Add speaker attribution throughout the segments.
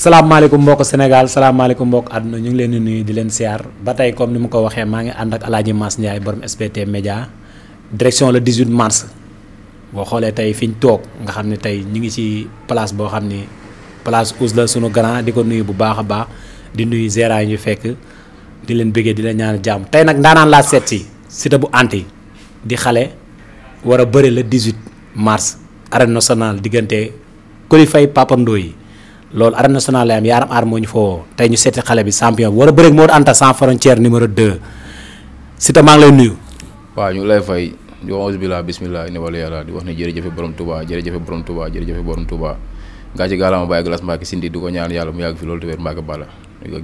Speaker 1: salaamaaleykum mbokk Sénégal salaamaaleykum mbokk àdduna ñu ngi leen di nuyu di leen siyaar ba tey comme ni ma ko waxee maa ngi ànd ak Alaaji Mass Ndiaye borom SBT Média direction le 18 mars boo xoolee tey fi ñu toog nga xam ne tey ñu ngi ci place boo xam ni place Ousse la sunu grand di ko nuyu bu baax a baax di nuyu gérant yi ñu fekk di leen bëggee di leen ñaan jàmm tey nag ndaanaan laa seet si Siteu bu anti di xale war a bëri le 18 mars arène nationale diggante Coly Faye yi loolu arène nationale la am yaaram moo ñu fa tey ñu seeti xale bi champion bi war a bëreeg Modou Anta sans frontière numéro 2 Siteu maa ngi lay nuyu.
Speaker 2: waaw ñu lay fay di wax bisimilah bisimilah ni yàlla di wax ne jërëjëfe borom Touba jërëjëfe borom Touba jërëjëfe borom Touba gaa ci gaalaama bàyyi glace Mbacke Sindi di ko ñaan yàlla mu yàgg fi loolu tawéer Mbacke Balla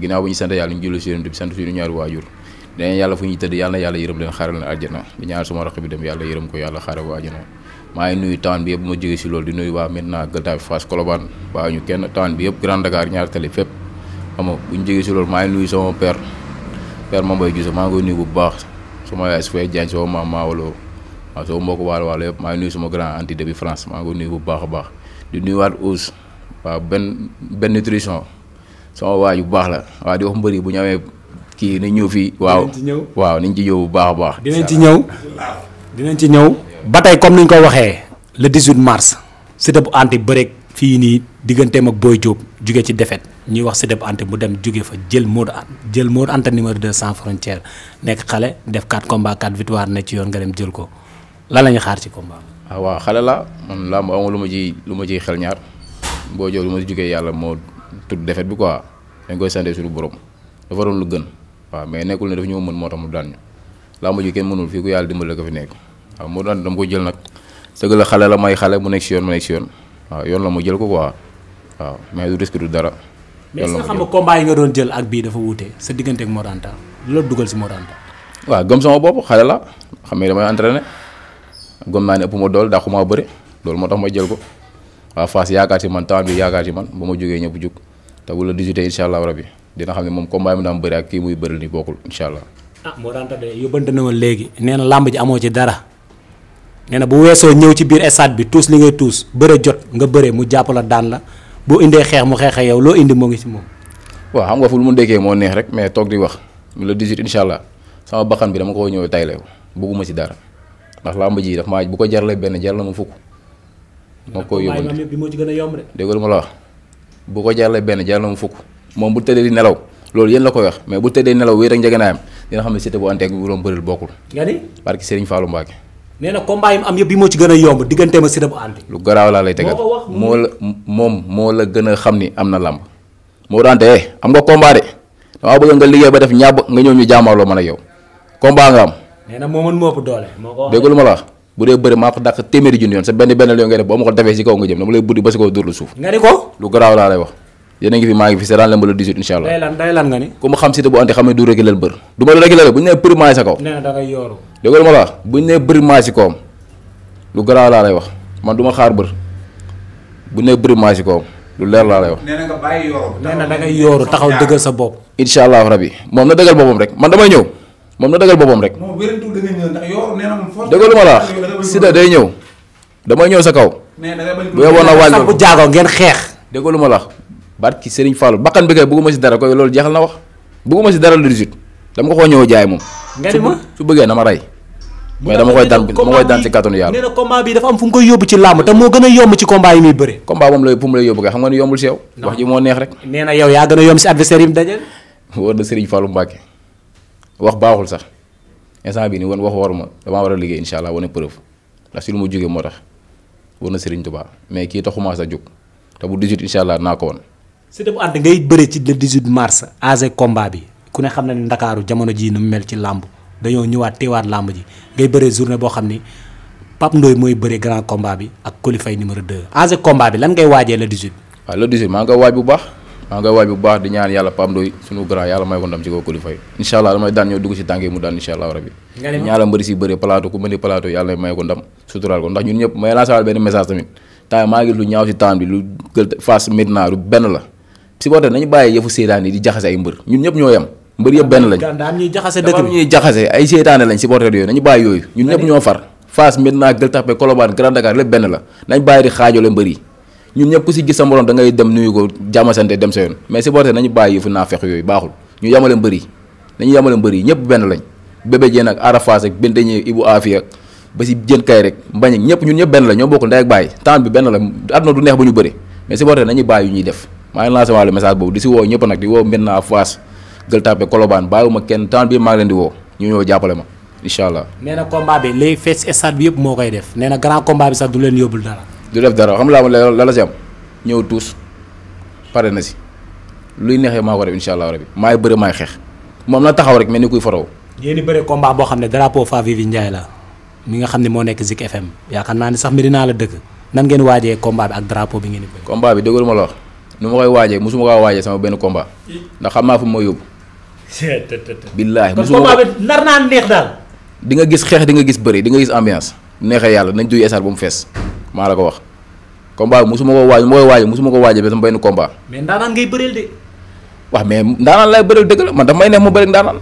Speaker 2: ginnaaw bu ñu sant yàlla ñu julli si ñaari waajur dinañ yàlla fu ñuy tëdd yàlla na yàlla yërëm leen xaaral leen àjjana di suma rakk bi dem yàlla yërëm ko yàlla xaaral ko àjjana maa ngi nuyu taan bi yëpp ma jóge si loolu di nuyu waa maintenant Gueule Tapée Fass Colobane waa ñu kenn taan bi yëpp Grand Dakar ñaar tali fépp xam bu ñu jógee si loolu maa ngi nuyu sama père père Mambay Guissé maa ngi nuyu bu baax sama yaay su fay jaañ sama maam maawaloo waaw sama mbokk waalo waalo maa ngi nuyu sama grand entité bi France maa bu baax a baax di nuyuwaat Ousse waaw benn benn nutrition sama waay bu baax la waa di wax mbëri bu ñu amee kii nañ ñëw fii waaw waaw nañ ci ñëw bu baax a baax dinañ ci ñëw dinañ ci ñëw ba tey comme ni ñu koy
Speaker 1: waxee le 18 mars Siteu bu anti bëreeg fii nii digganteem ak booy Diop jugee ci defet ñuy wax Siteu bu anti mu dem jóge fa jël Modou Anta jël Modou Anta numéro 2 sans frontière nekk xale def 4 combats 4 victoire ne ci yoon nga dem jël ko lan la ñu xaar ci combat
Speaker 2: ah, waaw xale la man làmb amul lu ma ciy lu ma ciy xel ñaar Boy Diop lu ma jugee yàlla moo tudd défaite bi quoi dañ koy sante suñu borom dafa doon lu gën waaw mais nekkul ne dafa ñoo mën moo tax mu daan ñu làmb ji kenn mënul fii ku yàlla dimbali ko fi waaw Modou Anta dama ko jël nag dëgg la xale la may xale mu nekk si yoon mu nekk si yoon waaw yoon la ma jël ko quoi waaw mais du risque du dara. mais est-ce que yi nga doon
Speaker 1: jël ak bii dafa wuute sa diggante ak Modou Anta dugal si Modou Anta.
Speaker 2: waaw gëm sama bopp xale la xam ne damay entraîné gëm naa ne ëpp ma dool dàqu maa bëri loolu moo tax ma jël ko waaw Fass yaakaar si man temps bi yaakaar si man ba ma jógee ñëpp jug te la 18 incha allah dina xam ne moom combat mi daan bëri ak kii muy bëri ni bokkul incha allah.
Speaker 1: ah Modou Anta yóbbante na woon léegi nee na làmb ji amoo ci dara. nee na bu weesoo ñëw ci biir stade bi tuus li ngay tuus bëre jot nga bëre mu jàpp la daan la boo indee xeex mu xeex a yow loo indi moo ngi ci moom.
Speaker 2: waaw xam nga fu lu mu déggee moo neex rek mais toog di wax le 18 incha allah sama bakkan bi dama ko ñëw tay leew bëgguma ci dara ndax làmb ji daf maa bu ko jarlee benn jar la fukk. moo koy yóbbu
Speaker 1: moo ci gën a yomb de.
Speaker 2: dégg ma la wax bu ko jarlee benn jar fukk moom bu tëddee di nelaw loolu yéen la ko wax mais bu tëddee nelaw wéer ak njëgënaayam dina xam ne cité bu anteeg bu doon bëril bokkul. nga ni barki Serigne Fallou
Speaker 1: nee na combat yi mu am yëpp bi moo ci gën a yomb digganteem ak Siteu bu ànd.
Speaker 2: lu garaaw laa lay tegal moo la moom moo la gën a xam ni am na làmb moo daan te am nga combat de damaa bëgg nga liggéey ba def ñàbb nga ñëw ñu jàmmaarloo man ak yow combat nga am.
Speaker 1: nee ma la wax
Speaker 2: bu dee bëri maa ko dàq téeméeri junni yoon sa benn benn yoon ngay def boo ma ko defee si kaw nga jëm dama lay buddi ba si kaw dóor lu suuf. nga ni ko lu garaaw laa lay wax. yéen a ngi fi maa ngi fi seetaan leen ba le 18 incha allah. day lan day lan nga ni. ku ma bu ante xam ne du réguler bër du ma réguler bu ñu nee bëri maa kaw. nee na lu ma la wax bu ñu nee bëri si kawam lu garaaw laa lay wax man du xaar bër bu ñu nee bëri si kawam lu leer laa lay wax. taxaw dëggal sa bopp. incha allah rabi moom na dëggal boppam rek man damay ñëw moom na dëggal boppam rek.
Speaker 3: non wérantu da day ñëw
Speaker 2: damay ñëw sa kaw.
Speaker 3: mais da bu yeboon na wàññi bu
Speaker 2: jaagoo xeex dégg ma la barki Serigne Fallou bakkan bi kay bëgguma si dara koy loolu jeexal na wax bëgguma si dara lu risit dama ko ñëw jaay moom. ma su bëggee na ma rey. mais dama koy daan dama koy daan si kattanu yàlla. nee na combat bi dafa am fu mu koy yóbbu ci làmb te moo a yomb nee na yow yaa a yomb si adversaire yi mu wax baaxul sax instant bii nii woon wax waruma damaa war a liggéey incha allah wane preuve ndax si lu na Serigne Touba mais kii taxumaa sa jóg te bu 18 incha allah naa ko woon
Speaker 1: Siteu bu ànd ngay bëre ci le 18 mars âge combat bi ku ne xam ne ndakaaru jamono jii nu mu mel ci làmb dañoo ñëwaat teewaat làmb ji ngay bëre journée boo xam ni Pape Ndoye mooy bëre grand combat bi ak Coly Faye numéro 2
Speaker 2: âge combat bi lan ngay waajee le 18. waaw le 18 maa ngi koy waaj bu baax maa ngi waaj bu baax di ñaan yàlla Pape Ndoye grand yàlla may ko ndam ci kaw Coly Faye allah damay daan ñëw dugg si tànk yi mu daan incha allah benn la si boo tax nañu bàyyi yëfu seetaan yi di jaxase ay mbër ñun ñëpp ñoo yem mbër yëpp benn lañ
Speaker 1: daam ñuy ñuy
Speaker 2: jaxase ay seetaane lañ supporter yooyu nañu bàyyi yooyu ñun ñëpp ñoo far Fass Médina Gueule Tapée Colobane mbër yi ñun ñëpp si gis sa da ngay dem nuyu ko jàmmasante dem sa yoon mais supporter nañu bàyyi ñu yamale mbër yi nañu yi ñëpp benn lañ bébé jeen ak Arafas ak Benteñe Ibu Afia ba si ñëpp ñun ñëpp benn la ñoo bokk ndey ak bàyyi temps bi benn la àdduna du neex ba ñu bëre mais supporter nañu bàyyi ñuy def maa ngi lancé waale boobu di si woo ñëpp nag di woo Médina Fass Gueule Tapée Colobane bàyyiwuma kenn temps bii maa ngi leen di woo ñu ñëw
Speaker 1: na combat bi yëpp moo koy def nee na grand combat leen
Speaker 2: yóbbul dara. du dara xam laa la la si am ñëw na si luy neexee maa ko def incha allah rabi maay bëri maay xeex moom la taxaw rek mel ni kuy faraw. yéen i bëri combat boo xam ne drapeau Favivi Ndiaye la mi nga xam ne moo nekk Zik FM yaakaar naa ne sax naa la dëkk nan ngeen waajee combat bi ak drapeau bi ngeen di bëri. combat bi dëgg ma la wax nu ma koy waajee musuma ko waajee sama benn combat ndax xam naa fu ma yóbbu.
Speaker 1: billaahi musuma combat bi
Speaker 2: nar naa neex daal. di nga gis xeex di nga gis bëri di nga gis ambiance neexee yàlla nañ duy esaat ba mu fees maa la ko wax. combat bi musuma ko waaj ma koy waajee ko waajee ba sama benn combat.
Speaker 1: mais ndaanaan ngay bëreel
Speaker 2: de. wax mais ndaanaan laay bëreel dëgg la man daf may neex ma bëri ndaanaan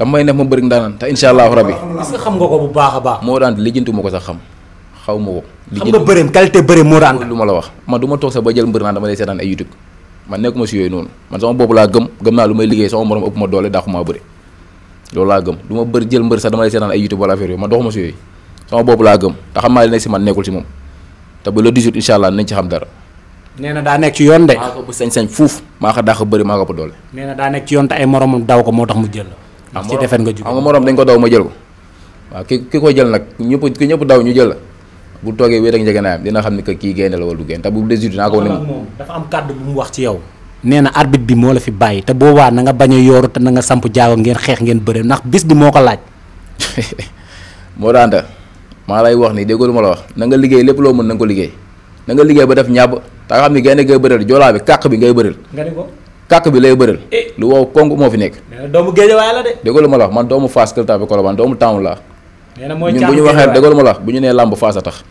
Speaker 2: daf may neex ma bëri ndaanaan te incha allahu rabbi. que xam nga ko bu baax moo daan lijjantu ma ko sax xam xaw ma ko. xam nga bëreem qualité bëreem moo ma la wax man ma toog sax ba jël mbër naan dama lay seetaan ay YouTube man nekkuma si yooyu noonu man sama bopp laa gëm lu may liggéey ma bër jël mbër sax dama lay seetaan ay YouTube wala affaire yooyu man doxuma si yooyu sama bopp laa gëm te xam naa li nekk si man nekkul si yoon de. maa ko bu sañ-sañ fuuf ko daax bëri maa ko doole. nee yoon te ay moo tax mu jël la. Ah, ci dañ ko daw ma jël ko waaw ki ki ko jël nag ñëpp ñëpp daw ñu jël la bu toogee wéet ak njëgënaayam dina xam ni que kii gaynde la wala du gaynde te bu désir dinaa ko. moom
Speaker 1: dafa am kàddu bu mu wax ci yow. nee na arbitre bi moo la fi bàyyi te boobaa na nga bañ a yooru te na nga samp jaago ngeen xeex ngeen bëre ndax bis bi moo ko
Speaker 2: laaj. moo daanta maa lay wax ni déggoo lu ma la wax na nga liggéey lépp loo mën na ko liggéey na nga liggéey ba def ñàbb te xam ni gaynde ngay bëreel kàq bi ngay bëreel. nga ni bi lay bëreel. Eh. lu wow kong moo fi nekk.
Speaker 1: doomu la
Speaker 2: la wax man doomu Fass Gueule Tapée Colobane doomu Taound laa
Speaker 1: nee na mooy ñun bu ñu waxee dëggal
Speaker 2: ma la bu ñu nee làmb faas a tax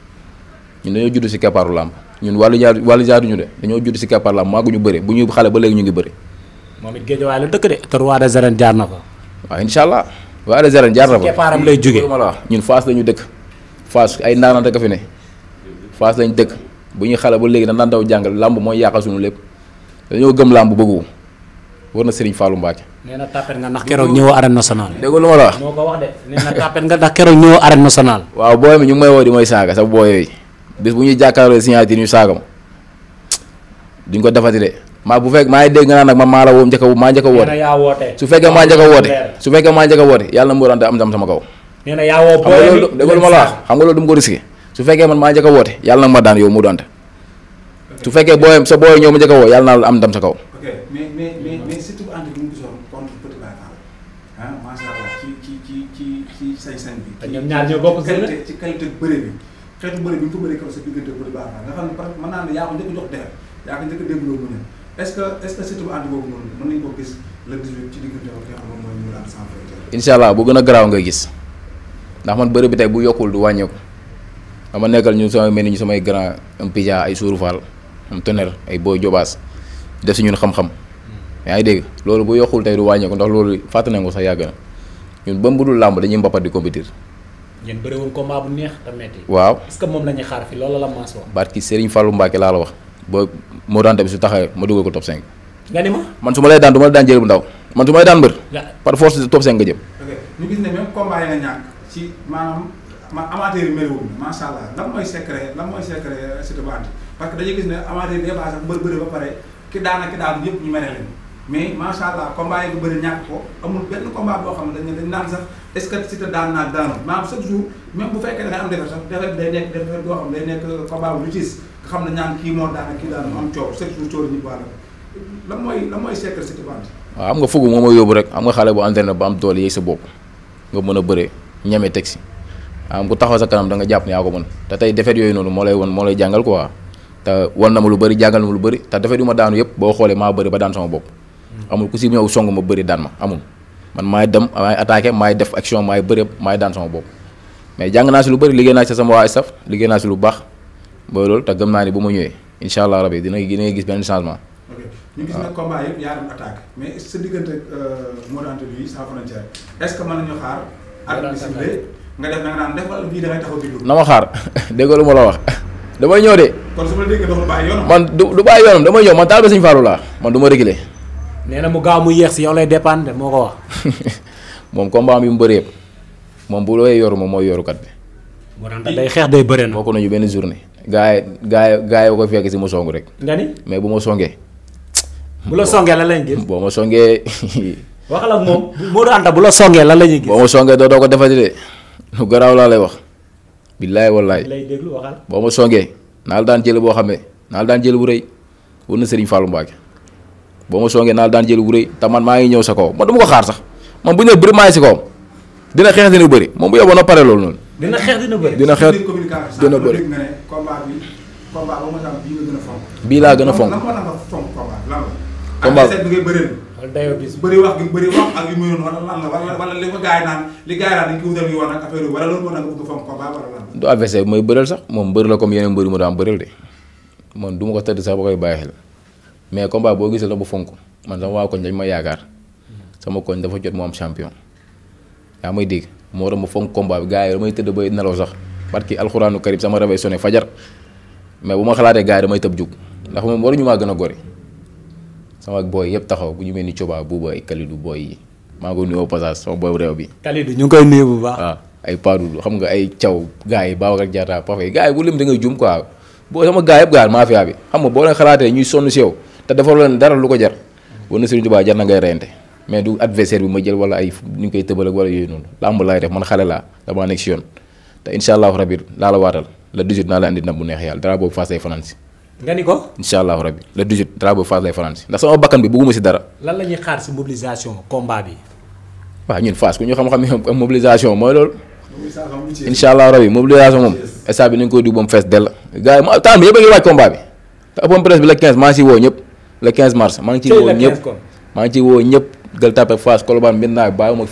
Speaker 2: ñun dañoo judd si keppaaru làmb ñun wàllu jaar wàllu jaaruñu de dañoo judd si keppaaru làmb maaguñu bëri bu ñuy xale ba léegi ñu ngi bëri moom it géejawaay dëkk de te roi des jaar na fa waaw allah roi des jaar na fa keppaaram lay jóge ma ñun faas lañu dëkk faas ay ndaanaan rek fi ne faas lañ dëkk bu ñuy xale ba léegi dañ daan daw jàngal làmb mooy yàqal suñu lépp dañoo gëm làmb bëggu war na Serigne Fallou Mbacke.
Speaker 1: nee na tapet nga ndax keroog ñëwoo arène nationale. dégg lu ma la wax moo ko wax de
Speaker 2: nee ñu ngi may di may saaga ko defati maa bu fekk maa ngi dégg nga maa woo njëkk a maa njëkk a
Speaker 1: woote. su fekkee
Speaker 2: su fekkee maa njëkk a woote yàlla na am ndam sama kaw.
Speaker 1: nee na yaa woo booy ma la wax
Speaker 2: xam nga loolu du ma ko risqué su fekkee man maa njëkk a woote yàlla na ma daan yow mu doonte su fekkee booy sa booy ñëw ma njëkk a woo yàlla naa am ndam sa kaw
Speaker 3: mais mais mais mais surtout ànd bi mu gisoon contre Petit Baye Fall ah macha allah ci ci ci ci ci sañ-sañ bi. te ñoom ñaar ñoo bokk ci qualité bëre bi xeetu bëre bi mu ko bëree kaw sa diggante Petit Baye Fall nga xam ne par mën naa ne yaa ko njëkk a jox deer yaa ko njëkk a dégloo mu ne est-ce que est-ce que surtout ànd boobu noonu mën nañu ko gis le 18 ci diggante ak nga xam ne mooy Modou Anta Samb
Speaker 2: incha allah bu gën a garaaw nga gis ndax man bëre bi tey bu yokkul du wàññeeku dama nekkal ñu sama mel ni ñu samay grand am pija ay suuru fall am tonnerre ay booy jobaas def si ñun xam-xam yaa ngi dégg loolu bu yokkul tey du wàññeeku ndax loolu fàtte nañ ko sax yàgg na ñun ba mu budul làmb dañuy mbapat di compétir.
Speaker 1: ñun bëriwul combat bu neex te metti waaw est-ce que moom la ñuy xaar fi loolu la Mass wax.
Speaker 2: barki Serigne Fallou Mbacke la wax ba moo daan su taxawee ma dugal ko top 5. nga ni ma man su ma lay daan du ma daan jël bu ndaw man su ma lay daan mbër. par force de top 5 nga jëm. ok
Speaker 1: ñu gis ne
Speaker 3: même combat nga ñàkk ci maanaam ma amateur yi meliwul macha allah mooy secret lan euh, ki daanaka daan yëpp ñu mel leen mais macha allah combat yi bu am defar sax defar bu justice nga xam ne ñaan
Speaker 2: yóbbu rek am nga xale bu entraîné ba am doole yeeg sa bopp nga mën a bëree ñeme teg si am ku taxaw sa kanam da nga jàpp ne yaa ko mën te tey defet yooyu noonu moo lay won moo lay jàngal quoi te wan na ma lu bari jàngal na ma lu bëri te dafa du ma daanu yëpp boo xoolee maa bëri ba daan sama bopp amul ku si ñëw song ma bari daan ma amul man maay dem maay attaqué maay def action maay bëri maay mais jàng naa si lu bëri liggéey naa si sama waa staff lu baax ba loolu te gëm naa ni bu ma ñëwee incha allah rabi
Speaker 3: attaque mais sa diggante euh, bi sans frontière est ce que ak bisimilah nga def na nga naan def wala bii da
Speaker 2: xaar déggoo lu la wax damay ñëw de. kon man du du bàyyi yoonam damay jox man taal ba sëñ Fallou laa man duma ma réglé.
Speaker 1: nee mu gaaw mu yeex si yow lay dépendre moo ko wax.
Speaker 2: moom combat bi mu bëree moom bu yoru moom mooy yorukat bi.
Speaker 1: moo tax day xeex day
Speaker 2: bëree na. bokk nañu benn journée. gaay gaay gaay ko fekk si ma song rek. nga mais bu ma songee. la songee lan boo ma songee.
Speaker 1: waxal ak moom
Speaker 2: Modou bu la songee lan la ñuy gis. boo ma songee doo ko defati de lu garaaw laa lay wax. billaay wallaay boo ma songee. naa la daan jël boo xam ne naa la daan jël bu rëy wër na Serigne Fallou boo ma songee naa la daan jël bu rëy te man maa ngi ñëw sa kaw man du ma ko xaar sax man bu ñu nee bëri maa ngi si kawam dina xeex dina bëri moom bu yóbboo na pare loolu noonu. dina xeex dina bëri dina xeex dina bëri.
Speaker 3: bii laa gën a fonk. combat dayoo
Speaker 2: du adversaire bi mooy bëreel sax moom bëri la comme yeneen mbëri mu daan bëreel de man duma ko tëdd sax ba koy bàyyi xel mais combat boo gisee la bu fonk man sama waa koñ dañ ma yaakaar sama koñ dafa jot mu am champion yaa may dégg moo tax ma fonk combat bi gars yi damay tëdd bay nelaw sax parce que alxuraanu karim sama rabay sonné fajar mais bu ma xalaatee gars yi damay tëb jug ndax moom waruñu maa gën a gore sama booy yëpp taxaw bu ñu mel ni Coba Bouba ay Kalidou booy yi maa ngi ko nuyoo passage sama booy réew bi. Kalidou ñu ngi koy nuyu bu baax. waaw ah, ay Padoul xam nga ay Thiaw gars yi Babacar Diatta Pafe gars yi bu lim da ngay jum quoi boo xalaatee ñuy sonn si yow te defar leen dara lu ko jar war na Serigne Touba jar na ngay reyante mais du adversaire bi ma jël wala ay ñu koy tëbal ak wala yooyu noonu làmb laay def man xale laa damaa nekk si yoon te incha allahu rabi laa la waatal le 18 la andi ndam bu neex yàlla dara boobu fas ay fanaan nga ni ko. incha allahu rabi le 18 drapeau Fass lay fanaan si ndax sama bakkan bi bugguma si dara.
Speaker 1: lan la ñuy xaar si mobilisation combat bi.
Speaker 2: waaw ñun Fass ku ñu xam-xam ne mobilisation mooy loolu. incha allah rabi mobilisation moom stade bi nañu koy dugg ba mu fees a ngi waaj le 15 maa ngi ciy woo ñëpp mars maa ngi ciy woo ñëpp maa ngi ciy woo ñëpp Gueule Tapée Fass Colobane Médina bàyyiwuma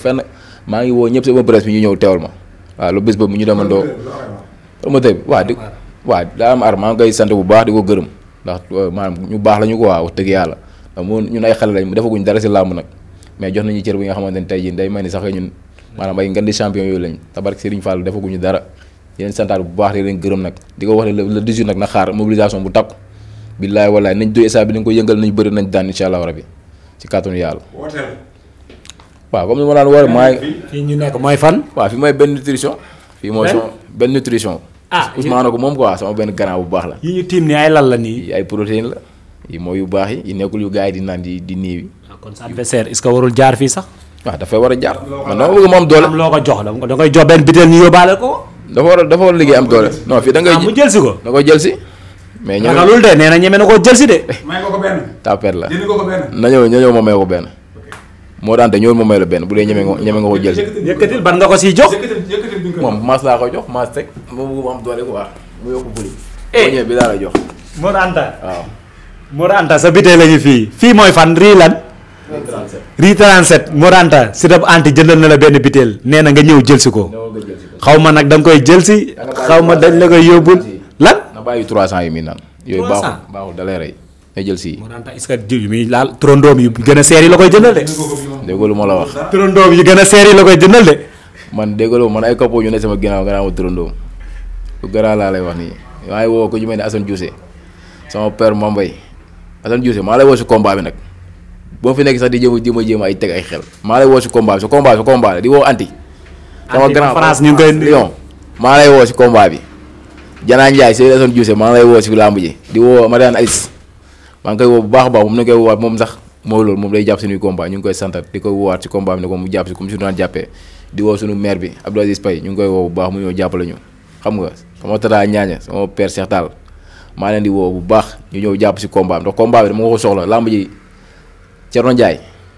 Speaker 2: maa ngi woo ñëpp si open presse bi ñu ñëw teewal ma waaw lu bés boobu ñu demandoo promoteur bi waaw waaw daa am ar maa ngay sant bu baax di ko gërëm ndax euh, maanaam ñu baax la ñu ko wax dëgg yàlla moom ñun ay xale lañ defaguñ dara si làmb nag mais jox nañu cër bi nga xamante ne tey jii day may ni sax ñun maanaam ay bu baax di leen di ko wax ne le 18 nag na xaar mobilisation bu takku billaay walaay nañ doy esa bi nañ ko yëngal nañ bëri nañ daan incha allahu rabi ci kàttanu yàlla waaw comme ni ma daan war maay fan waaw fi mooy benn nutrition ah Ousmane ko moom quoi sama benn gannaaw bu baax la. yi ñu tiim ni ay lal la nii. ay protéine la yi mooy yu baax yi yi nekkul yu gars yi di naan di di néewi. Ah, kon sa adversaire est jaar fii sax. waaw ah, dafay war a jaar man dama ko jox da ngay jox benn bitel ñu yóbbaale ko. dafa war a dafa war liggéey am doole. Ah, non fii da ngay mu jël ko da koy jël si. mais ñëw na loolu de nee na ñeme na ko jël si de. may la na ñëw na ñëw ma may ko benn. moo daan te ñëwul ma la benn bu dee ñeme nga moom maas laa koy jox maas teg moom bu am doole quoi eh. Anta.
Speaker 1: waaw sa bitee la fii fii mooy fan rii lan. rii 37 Mor Anta si dab anti jëndal na la benn biteel nee na nga ñëw jël si ko. xaw ma nag da koy jël si. xaw ma dañ la koy yóbbul lan.
Speaker 2: na bàyyi 300 yi muy naan. 300 yooyu baaxul baaxul da lay rey yu gën a seer yi la koy jëndal de. déggalu ma la wax. turandoom yu gën a seer yi la koy jëndal de. man déggalu man ay koppoo ñu ne sama ginnaaw nga naan ma turandoom lu garaaw laa lay wax nii maa woo ko ñu mel ne Assane Diouf sama père Mambay Assane Diouf maa lay woo si combat bi nag boo fi nekk sax di jéem a a jéem ay teg ay xel maa woo si combat bi sa combat sa combat di woo anti. sama ñu ngi koy maa lay woo si bi. Janaa Ndiaye Seydou Assane Diouf maa lay woo si làmb ji di woo Mariane Alice maa ngi koy woo bu baax a baax moom la ñu koy woowaat moom sax mooy loolu moom day jàpp suñuy combat ñu ngi koy santat di koy woowaat ci combat bi ne ko mu jàpp si comme daan jàppee di woo suñu maire bi Abdou Aziz Paye ñu ngi koy woo bu baax mu ñëw jàppale ñu xam nga sama tataa ñaaña sama père Cheikh Tall maa leen di woo bu baax ñu ñëw jàpp si combat bi ndax combat bi dama ko soxla làmb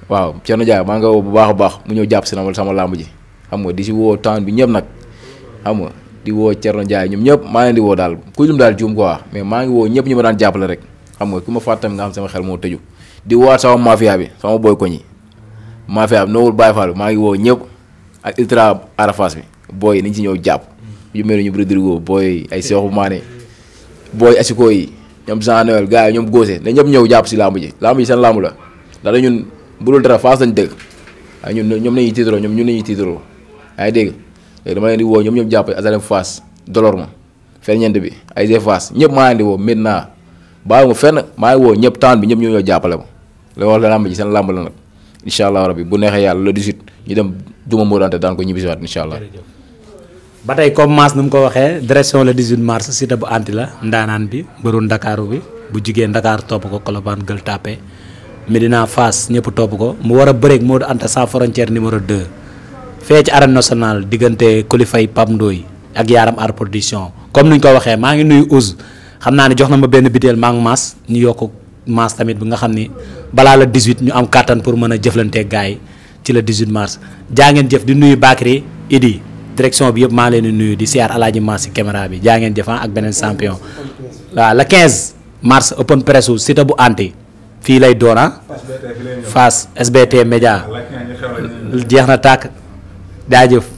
Speaker 2: waaw Thierno Ndiaye maa nga woo bu baax a baax mu ñëw jàpp si na sama làmb ji xam nga di si woo temps bi ñëpp nag xam nga di woo Thierno Ndiaye ñoom ñëpp maa leen di woo daal ku jum daal juum quoi mais maa ngi woo ñëpp ñu ma daan jàppale rek xam nga ku ma fàttam nga xam sama xel moo tëju di woowaat sama mafia bi sama booy koñ yi mafia bi noowul Baye Fall maa ngi woo ñëpp ak ultra arafas bi booy nañ ci ñëw jàpp. yu mel ni bu Rodrigo booy ay Seexu Maane booy asiko yi ñoom Jean Noël ñoom Gosé na ñëpp ñëw jàpp si làmb ji làmb ji seen làmb la ndax ñun bu dul dara Fass lañ dëgg ay ñun ñoom nañuy tiitaroo ñoom ñun nañuy tiitaroo yaa ngi dégg dama leen di woo ñoom ñëpp jàpp Azalem Fass dolor ma ferñeent bi ay Fass ñëpp maa leen di woo maintenant bàyyi ma fenn maa ngi woo ñëpp taan bi ñëpp ñoo ñoo jàppale ma la war a làmb ji seen làmb la nag incha allah rabbi bu neexee yàlla le 18 ñu dem duma Modou Anta daan ko ñibbisiwaat incha allah. ba tey comme Mass nu mu ko waxee direction le 18 mars Siteu bu anti la
Speaker 1: ndaanaan bi mbëru ndakaaru bi bu jigéen ndakaar topp ko gël Gueule Tapée Medina Fass ñëpp topp ko mu war a bëreeg Modou Anta sans frontière numéro 2 fee ci arène nationale diggante Kulifay Pam Ndoy ak Yaram Art Production comme ni ñu ko waxee maa ngi nuyu Ouz xam naa ne jox na ma benn biteel maa ngi Mass yokk. mars tamit bi nga xam ni balaa la 18 ñu am kàttan pour mën a jëflanteeg gars yi ci la 18 mars jaa ngeen jëf di nuyu Bakary Idi direction bi yëpp maa leen di nuyu di siyaar alaaji Maas si caméra bi jaa ngeen jëf ah ak beneen champion. waaw le 15 mars open press wu Siteu bu anti fii lay doona ah. Fass SBT Média jeex na tàkk jaajëf.